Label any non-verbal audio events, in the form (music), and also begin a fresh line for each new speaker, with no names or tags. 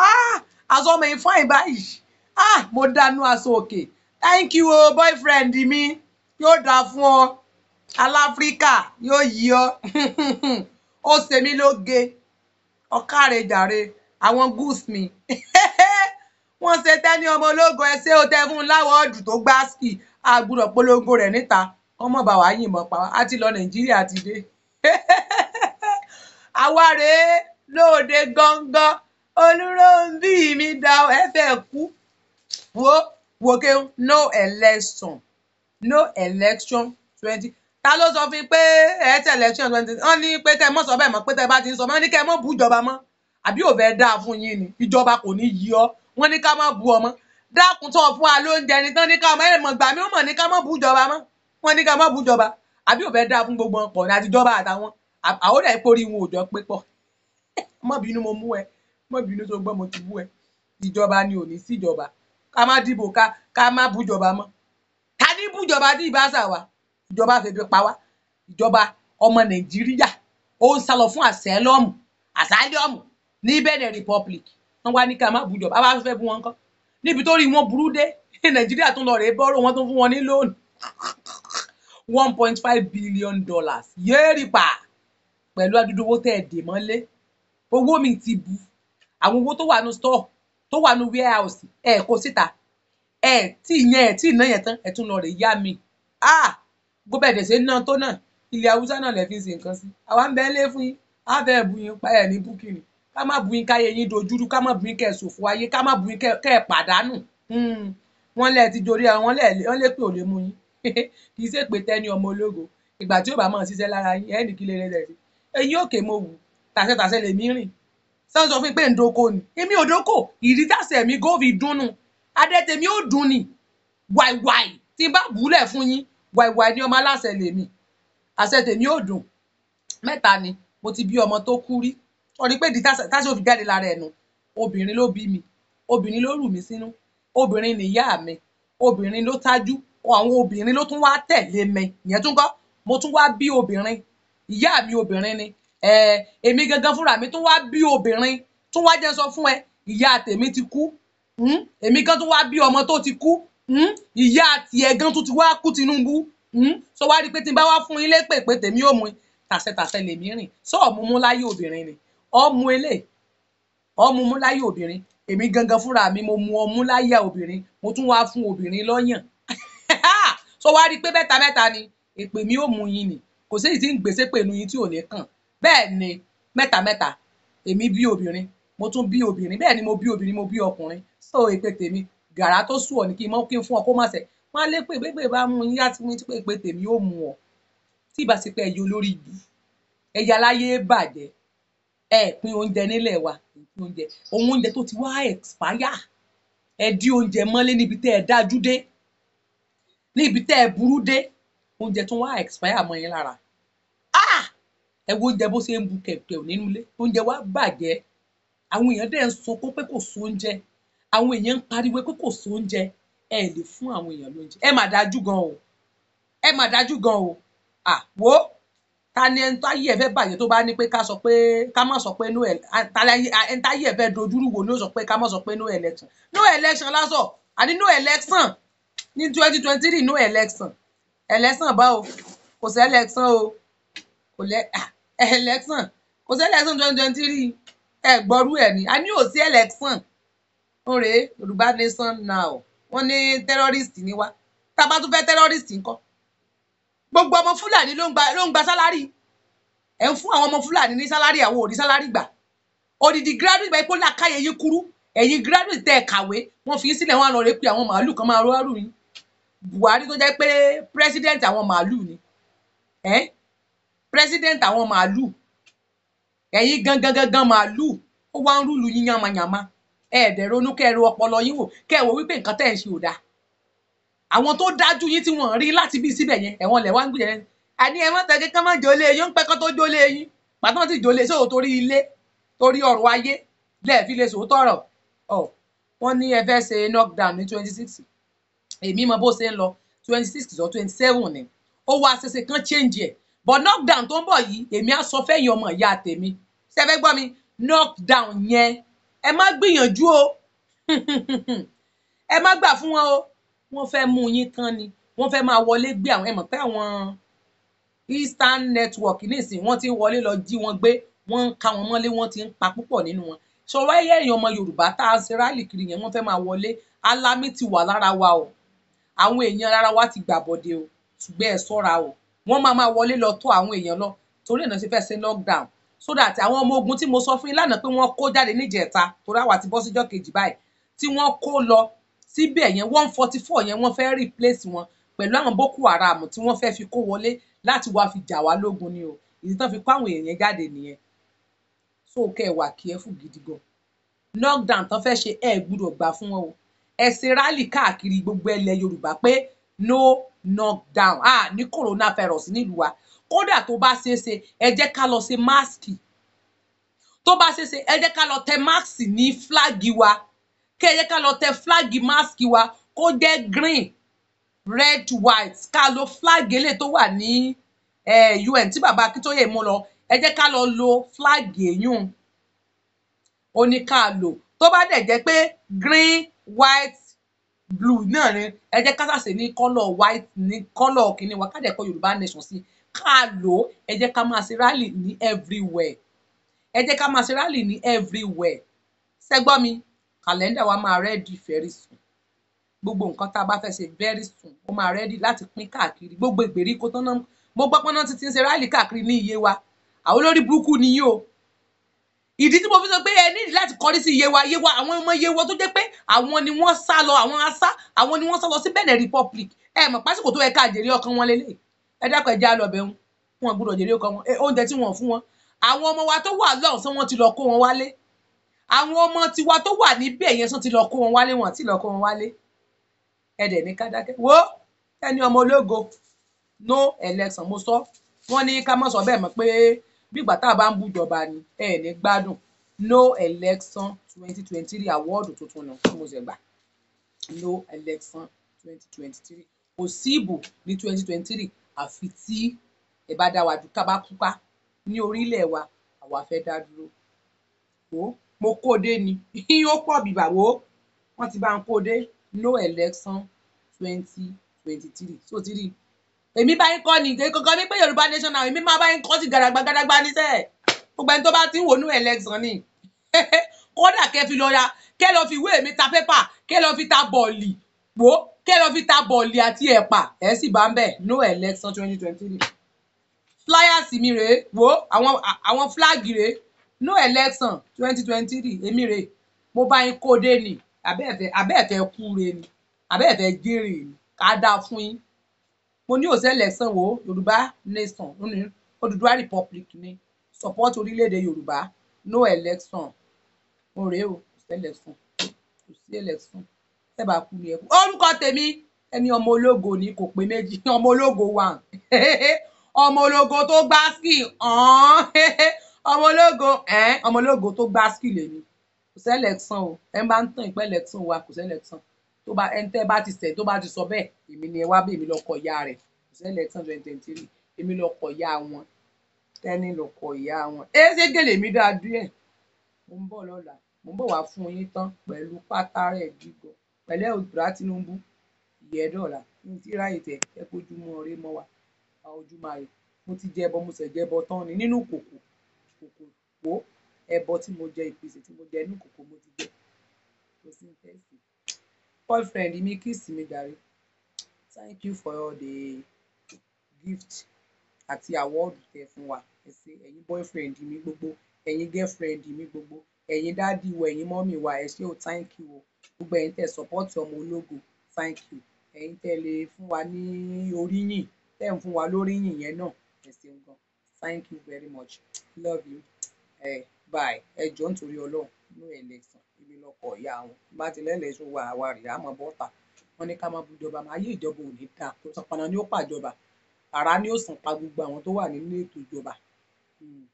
Ah, aṣọ ọmọ yìí fún àìbáyìí ah, mo dánú aṣọ òkè thank you o boyfriend mi yóò dáa fún ọ aláfríkà yóò yí ọ (laughs) ó ṣe mí lóge ọkàrẹ jàre àwọn goose mi (laughs) wọ́n ṣe tẹ́ni ọmọ ológo ẹsẹ́ ó tẹ́ fún un láwọ̀ ọ̀dù tó gbá ski àgbùrọ̀ polongo rẹ̀ níta ọmọ bàwá yìnbọn pa á ti lọ nàìjíríà ti dé (laughs) àwa rèé lóde gángan olùrọ̀ǹbí mi dá ẹ fẹ́ kú wo wòkè no election no election twenty ta ló sọ fún pé ẹ tẹ election twenty wọ́n ní pé kẹ́ ẹ mọ̀ sọ bẹ́ẹ̀ mọ́ pé tẹ́ bá ti ń sọ wọ́n ní kẹ́ ẹ mọ̀ bú ìjọba mọ́ àbí ò fẹ́ dáa fún yín ni ìjọba kò ní yí ọ wọ́n ní ká má bu ọmọ dákun tó fún wa lóúnjẹ ni tán ní ká má ẹ̀mọ̀ gbà mí ó mọ̀ ní ká má bu ìjọba mọ́ wọ́n ní ká má bu ìjọba àbí ò fẹ́ dáa fún gbogbo ọkọ̀ ní àtijọba àtàwọn àwọn ọ̀dà ìpòrí wọn ò jọ pé pọ̀ (laughs) mọ́ bínú mo mú ẹ mọ́ bínú tó gbọ́ mo ti bú ẹ ìjọba ni ò ní síjọba ká má dìbò ká ká má bújọba mọ́ ká ní bújọba tí ìbá sà wá ìjọba fẹ́ fi pa wá ìjọba ọmọ nàìjíríà ó ń sálọ fún àsẹ́lọ́ọ̀mù àsálíọ̀mù ní Benin Republic wọn wá ní ká má bújọba bá fẹ́ bú wọn kọ́ níbi tó rí wọn burú dé (laughs) nàìjíríà tún lọ rèé bọ́rọ̀ wọn tó fún wọn ní lóònù one point five billion dollars yéèrìpà pẹ̀lú adúdówó tẹ̀ dè mọ́lé owó mi ti bu àwọn owó tó wà nù store tó wà nù warehouse ẹ kó síta ẹ tí ìyẹn ẹ tí ìná tán ẹ tún lọ rè yá mi ah bó bẹ̀ dẹ̀ ṣe ná tó náà ilẹ̀ haúsá náà lẹ fi ṣe nǹkan sí àwa ń bẹ lé fún yín á bẹ̀ bu yín pa ẹ̀ ní búkìrì ká má bu yín káyé yín dojúrú ká má bu yín kẹ́ ẹ̀ ṣòfò ayé ká má bu yín kẹ́ ẹ̀ pàdánù hmm. wọ́n lẹ̀ ti dorí ẹ̀ wọ́n lè pè ò lè mú yín (laughs) kì í ṣe pé tẹ́ni ọmọ ológo ìgbà tí ó bá máa ṣiṣẹ́ lára yín ẹ̀ ní kí lè rẹ̀ rẹ̀ sí ẹ̀yin òkè mo wù tàṣẹ́tàṣẹ́ lèmi rìn sọ́n sọ fún mi pé ndoko ni èmi ò dóko ìrítàsẹ̀ mi gòfì dúnnu adẹ́tẹ̀mí ò dún ni wàìwàì tí n bá bùúlẹ̀ fún yín wàìwàì ni ọmọ aláṣẹ lèmi àṣẹ tèmi ò dùn mẹ́ta ni mo ti bí ọmọ tó kú rí ọ̀rí pé ìdítàsẹ̀ òfin jáde lára ẹ̀nu obìnrin ló bí mi obìnrin ló rù mí sínú obìnrin nìyá mi obìnrin ló tájú àwọn obìnrin ló tún wá tẹ̀lé mi ìyẹn tún kọ́ mo tún wá bí obìnrin ìyá mi obìnrin ni Eh, èmi gangan fúnra mi tó wá bí obìnrin tó wá jẹ́ sọ fún ẹ ìyá tèmi ti kú hmm? èmi gan tó wá bí ọmọ tó ti kú hmm? ìyá tiẹ̀ gan tó ti wá kú Tinubu hmm? sọ wá rí i pé tí n bá wá fún ilé pèpè tèmi ò mú tàṣẹtàṣẹ lèmi rìn sọ ọ̀múmú láyé obìnrin ni ọmú eléyìí ọmúmú láyé obìnrin èmi gangan fúnra mi mo mu ọmú láyà obìnrin mo tún wá fún obìnrin lọ́yàn (laughs) so wá rí i pé mẹ́ta mẹ́ta ni èpè mi ò mú yín ni kò sí èyí tí ń gbèsè pẹ̀lú yín tí ò ní kàn bẹ́ẹ̀ ni mẹ́ta mẹ́ta èmi bí obìnrin mo tún bí obìnrin bẹ́ẹ̀ ni mo bí obìnrin mo bí ọkùnrin so èpè tèmi gàrà tó sùn ọ ní kí n mọ kí n fún ọ kó má ṣe má lé pé gbégbé bá mú yín láti mú tí pé tèmi ó mú ọ tí ìbá ṣe pé ẹyẹ olórí ibi ẹyẹ aláyé bàjẹ́ ẹ pín oúnjẹ nílẹ̀ wa pín oúnjẹ òun oúnjẹ tó ti wá expire ẹ dí oúnjẹ mọ́lé níbi tẹ́ ẹ dájú dé níbi tẹ́ ẹ burú dé oúnjẹ tó wá expire mọ́ yín lára ẹ wo oúnjẹ bó ṣe ń bu kẹ̀kẹ́ nínú ilé oúnjẹ wa bàjẹ́ àwọn èèyàn dẹ̀ ń sunkún pé kò sóúnjẹ àwọn èèyàn ń pariwo pé kò sóúnjẹ ẹ lè fún àwọn èèyàn lóúnjẹ ẹ mà dájú gan o ẹ mà dájú gan o à wo ta ni ẹni tó ayé ẹ fẹ́ bàjẹ́ tó bá ní pé ká sọ pé ká má sọ pé no ẹni tá ayé ẹ fẹ́ dojúrú wò ni ó sọ pé ká má sọ pé no election no election lásọ àní no election ní twenty twenty three no election election báwo kò sí election o kò lẹ́ ah election kò sí election twenty twenty three ẹ gbọ́rú ẹ̀ ni a ní ò sí election òrè yorùbá nation now wọ́n ní terrorist ni wá tá a tún fẹ́ terrorist ńkọ́ gbogbo ọmọ fúlàní ló ń gba ló ń gba sálárì ẹ̀ ń fún àwọn ọmọ fúlàní ní sálárì àwọn ò ní sálárì gbà odidi graduate bẹ́ẹ̀ kó làkàyè yín kúrú ẹ̀yin graduate tẹ́ ẹ̀ kàwé wọ́n fi sílẹ̀ wọn àlọ́ rẹ pé àwọn màálù kan máa rọ́ọ̀rù yín Buhari tó jẹ́ pé president àwọn màálù ni president àwọn màálù ẹ̀yin gangan gangan màálù ó wá ń rúlu yín yamayama ẹ̀ẹ́dẹ̀ ronú kẹ́ẹ̀rọ ọpọlọ yín wò kẹ́ẹ̀wò wípé nǹkan tẹ̀ ń ṣe ò dáa àwọn tó dájú yín tí wọ́n rí láti bí síbẹ̀ yẹn ẹ̀wọ̀n lẹ̀ wá ń gbìyànjú àní ẹ̀ mọ́tà kékeré má jòlé yín ó ń pẹ́ kó tó jòlé yín pàtó wọn ti jòlé sóò torí ilé torí ọ̀rọ̀ ayé lẹ́ẹ̀fi lè sòótọ́ ọ̀rọ̀ ọ̀ wọ́n ní ẹ fẹ́ ṣe knockdown ní twenty six èmi mọ bó ṣe ń lọ twenty six or twenty seven ni ó wá ṣẹṣẹ kan change ẹ̀ but knockdown tó ń bọ̀ yìí èmi á sọ fẹ́yìn ọmọ ìyá tèmi ṣẹ́fẹ́ gbọ́ mi knockdown yẹn ẹ má gbìyànjú o (laughs) ẹ má gbà fún wọn o wọ́n fẹ́ mú yín tán ni wọ́n fẹ́ máa wọlé gbé àwọn ẹ̀mọ̀ pé àwọn eastern network nísìn wọ́n ti ń wọlé lọ jí wọn gbé wọ́n ń ka wọn mọ́lé wọ́n ti ń pa púpọ̀ nínú wọn ṣọwọ́ ẹ̀yẹ́ èèyàn ọmọ yorùbá tá a ṣe rálì kiri yẹn wọ́n fẹ́ máa wọlé alámì ti wà lára wa o àwọn èèyàn ara wa ti gbàbọ̀dé o ṣùgbọ́n ẹ ṣọ́ra o wọ́n máa máa wọlé lọ tó àwọn èèyàn lọ torí ìnáwó ṣe fẹ́ ṣe lockdown so that àwọn ọmọ ogun tí mo sọ fún yín lánàá pé wọ́n kó jáde ta torí àwa ti bọ́ síjọ́ kejì báyìí tí wọ́n kó lọ síbẹ̀ yẹn one forty four yẹn wọ́n fẹ́ replace wọn pẹ̀lú àwọn boko haram tí wọ́n fẹ́ fi kó wọlé láti wá fi jà wá lógun ni o ìdí tán fi kó àwọn èèyàn jáde nìyẹn so kẹ́ ẹ wà kí ẹ fún gidi gan lockdown tán fẹ́ ṣe ẹ gbúdọ̀ gbà fún wọn o ẹ ṣe rálì káàkiri gbogbo ẹlẹ yorùbá pé no knockdown a ah, ní coronavirus nílùú wa kódà tó bá ṣeé ṣe ẹ jẹ́ ká lọ ṣe máàsì tó bá ṣeé ṣe ẹ jẹ́ ká lọ tẹ máàsì ní fúláàgì wa kí ẹ jẹ́ ká lọ tẹ fúláàgì máàsì wa kó jẹ́ green red white ká lo fúláàgì eléyìí tó wà ní UN tí bàbá Akíntóyè mú lọ ẹ jẹ́ ká lọ lo fúláàgì èyún oníkàlò tó bá dẹ̀ jẹ́ pé green white blue náà ni ẹ jẹ́ ká sàṣe ní kọ́lọ̀ white ní kọ́lọ̀ kìíní wa ká dẹ̀ kọ Yorùbá nation sí ká lò ó ẹ jẹ́ ká máa ṣe rally ní everywhere ẹ jẹ́ ká máa ṣe rally ní everywhere ṣẹ́gbọ́n mi kàlẹ́ndà wa máa rẹ́ẹ̀dì very soon gbogbo nǹkan tá a bá fẹ́ ṣe very soon ó máa rẹ́ẹ̀dì láti pín káàkiri gbogbo ìgbèríko tán náà mo gbọ́ pọ́n náà ti ti ń ṣe rally káàkiri ní iye wa àwọn olórí burúkú ni yìí ìdí tí mo fi sọ pé ẹ nídìí láti kọrí sí yewa yewa àwọn ọmọ yewa tó jẹ́ pé àwọn ni wọ́n sá lọ àwọn asá àwọn ni wọ́n sá lọ sí Benin Republic ẹ mọ̀ pásìkò tó yẹ ká jèrè ọkàn wọn lélẹ̀ ẹ dákọ̀ ẹ já lọ bẹ̀ wọn gbọ́dọ̀ jèrè ọkàn wọn oúnjẹ tí wọ́n fún wọn àwọn ọmọ wa tó wà lọ́hùn sí wọ́n ti lọ kó wọn wálé àwọn ọmọ tiwa tó wà níbẹ̀ yẹn sọ ti lọ kó wọn wálé wọn ti lọ kó wọn wálé ẹ dẹ̀ ní ká dákẹ́ wo ẹni ọmọ ológo no election mo sọ wọ́n ní ká má sọ bẹ́ẹ̀ mọ́ pé bí ìgbà tá a bá ń bújọba ni ẹ ní gbádùn no election 2023 award three tuntun nù tí mo ṣe gbà no election 2023. twenty three kò sí ìbò ní twenty twenty three àfi tí ẹ bá dá wa dùn tá kúpa ní orílẹ̀ wa àwa fẹ́ dá dúró wo mo kó dé ni yóò pọ̀ bìbà wo wọ́n ti bá ń kó no election 2023. so ti rí i èmi bá yín kọ́ ni ìgbé kankan mi pé yorùbá nation now èmi máa bá yín kọ́ sí gàràgbà gàràgbà níṣẹ́ gbogbo ẹni tó bá ti ń wò nú election ni (laughs) kódà kẹ́ fi lọ ya kẹ́ lọ fi ìwé mi ta pépà kẹ́ lọ fi ta bọ̀ọ̀lì wò kẹ́ lọ fi ta bọ̀ọ̀lì àti ẹ̀pà ẹ̀ sì bá ń bẹ̀ no election twenty twenty three flyers mi rèé wò àwọn àwọn flag rèé no election twenty twenty three èmi rèé mo bá yín kóde ni àbẹ́ẹ̀fẹ́ àbẹ́ẹ̀fẹ́ kú rèé ni àbẹ́ẹ̀fẹ́ jèrè ni ká dáa fún yín mo ní òsè election wo yorùbá nation ní Odùduwà republic ni support orílẹ̀-èdè yorùbá no election mo rèé o òsè election òsè election tẹ́bà kú ni ẹ̀kú orúkọ tèmi ẹni ọmọ ológo ni kò pé méjì (laughs) ọmọ ológo wà (laughs) ọmọ ológo tó gbá skill ọ̀hún (laughs) ọmọ ológo ọmọ ológo tó gbá skill lèmi kò sẹ́lẹ̀ san o ẹ bá ń tàn ìpẹ́ election wa kò sẹ́lẹ̀ san tó bá ẹni tẹ́ bá ti ṣẹ̀ tó bá ti sọ bẹ́ẹ̀ èmi ni ẹ wá bí èmi lọ́kọ ìyá rẹ̀ ìṣẹ̀lẹ̀ ten twenty twenty three èmi lọ́kọ ìyá wọn tẹ́ni lọ́kọ ìyá wọn ẹ ṣe gèlè mi dáa díẹ̀ mo ń bọ̀ lọ́la mo ń bọ̀ wá fún yín tán pẹ̀lú pátá rẹ̀ gígọ pẹ̀lẹ́ òdùrá Tinubu ìyẹ́dọ̀la ní ti ráyè tẹ̀ ẹ kójúmọ́ ọ̀rẹ́ mọ́ wa ojúmọ́ ayọ̀ mo ti jẹ ẹbọ mo sì jẹ ẹbọ tán ni nínú kòkò kòkò wo ẹbọ tí mo jẹ ìpèsè tí mo jẹ inú kòkò mo ti jẹ kò sí ní fẹ́ẹ́ boyfriend mi kiss mi jàre thank you for the gift àti award tẹ fún wa ẹ ṣé ẹ̀yin boyfriend mi gbogbo ẹ̀yin girlfriend mi gbogbo ẹ̀yin dáàdi wa ẹ̀yin mọ́mì wa ẹ ṣé o thank you o gbogbo ẹ̀yin tẹ support ọmọ ológo thank you ẹ̀yin tẹ lè fún wa ní oríyìn tẹ ń fún wa lóríyìn yẹn náà ẹ ṣeun gan thank you very much love you. Eh báyìí ẹ jọ nítorí ọlọ́run ní ẹlẹ́sìn ibi lọ́kọ̀ ìyá wọn bá ti lẹ́lẹ́sùn wa àwa rèé àmọ́ bọ́ta wọn ní ká má bu ìjọba máa yí ìjọba ò ní dáa tó sanpana ni ó pàjọba ara ni ó sàn pa gbogbo àwọn tó wà nínú ètò ìjọba. Hmm.